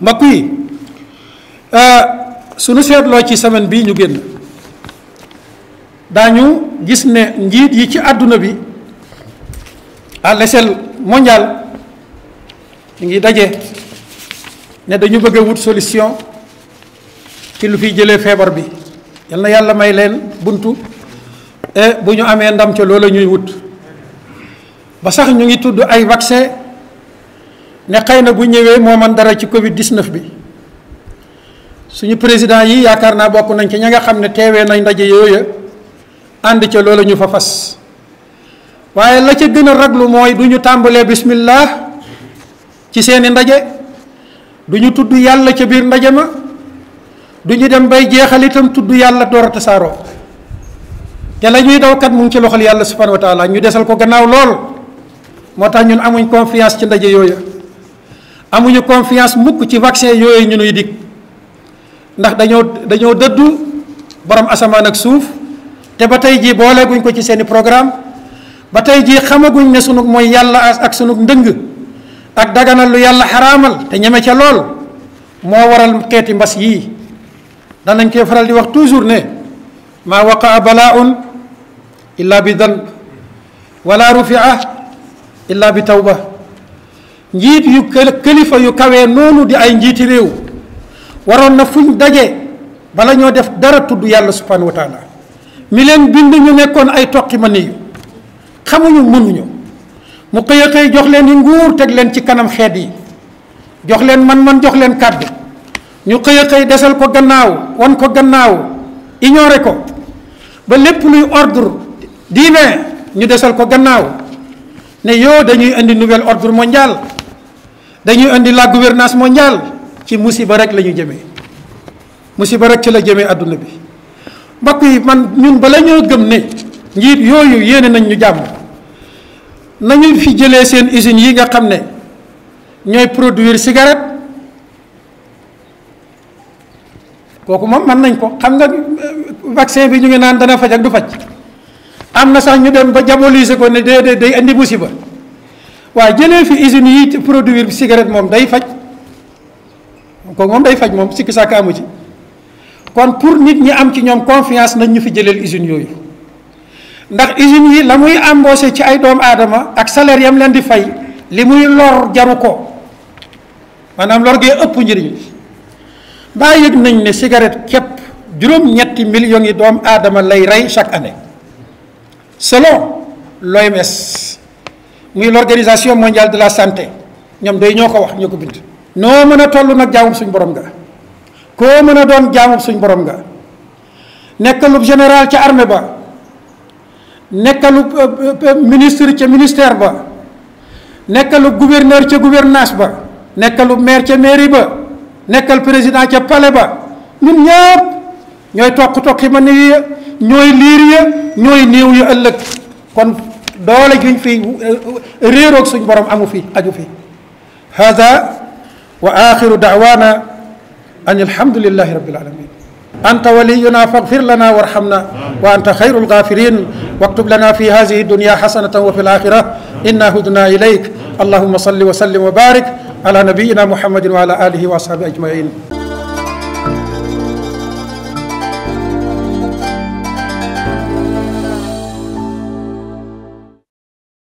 mbokk yi euh, suñu seetloo ci semaine bii ñu génn daañu gis ne njiit yi ci àdduna bi à l'échelle mondiale ñu ngi daje ne dañu bëgg wut solution ci lu fiy jëlee feebar bi yal na yàlla may leen buntu e bu ñu amee ndam ca loola ñuy wut ba sax ñu ngi tudd ay vaccin ne xëy na bu ñëwee mo man dara ci covid 19 bi suñu président yi yaakaar naa bokk nañ ci ñinga xamne téwé nañ ndaje yoyé and ci loolu ñu fa fas waye la ci gëna raglu moy du tambalé bismillah ci seeni ndaje du tuddu yalla ci bir ndaje ma du dem bay jéxalitam tuddu yalla yàlla door a tasaaroo te daw kat mu ngi ci loxal yalla subhanahu wa taala ñu desal ko gannaaw lool motax ñun amuñ confiance ci ndaje yoyé amuñu confiance mukk ci vaccin yooyu ñu nuy dig ndax dañoo dañoo dëddu borom asamaan ak suuf te ba tey jii booleeguñ ko ci seen programme ba tey jii xamaguñ ne sunu mooy yàlla ak sunu ndëng ak daganal lu yàlla xaraamal te ñeme ca lool moo waral xeeti mbas yii danañ koy faral di wax toujours ne ma waqaa balaaun illa bi dan wala rufia illa bi tawba njiit yu kalifa yu kawee nonu di ay njiiti rew waron na fuñ daje bala ñoo def dara tudd yalla subhanahu wa taala mi leen bind ñu nekkon ay toqi ma niyu mënu ñu mu xëy jox leen nguur tek leen ci kanam xéet yi jox leen man man jox leen ñu dessal ko gannaaw wan ko gannaaw ignoré ko ba lepp luy ordre diine ñu dessal ko gannaaw ne yo dañuy andi nouvelle ordre mondial dañuy andi la gouvernance mondiale ci musiba rek lañu jëmé musiba rek ci la jëmé aduna bi mbokk yi man ñun bala ñoo gëm né njiit yoyu yene nañ ñu jamm nañu fi jëlé seen usine yi nga xamné ñoy produire cigarette koku mom man nañ ko xam nga euh, vaccin bi ñu ngi naan dana faj ak du faj amna sax ñu dem ba jaboliser ko ne dé dé day andi musiba waaye fi yi produire cigarette day day pour nit ñi am confiance nañ ñu fi jëleel usine yooyu ndax usine yi la muy ci ay doomu aadama ak salaire yam leen di fay li muy lor jaru ko lor gee cigarette millions yi chaque année selon l'OMS muy l'organisation mondiale de la santé ñoom day ñoo ko wax ñoo ko bind noo mën a toll nag jaamub suñ borom nga koo mën a doon jaamub suñ borom nga nekkalub général ca armée ba nekkalub euh, euh, euh, ministre ca ministère ba nekkalu gouverneur ca gouvernance ba nekkalu maire ca mairie ba nekkal président ca pale ba ñun ñëpp ñooy toq toqi ma néew ñooy liir ya ñooy néew ya ëllëg kon دولي جن في ريروك سن borom أمو في أجو في هذا وآخر دعوانا أن الحمد لله رب العالمين أنت ولينا فاغفر لنا وارحمنا وأنت خير الغافرين واكتب لنا في هذه الدنيا حسنة وفي الآخرة إنا هدنا إليك اللهم صل وسلم وبارك على نبينا محمد وعلى آله وأصحابه أجمعين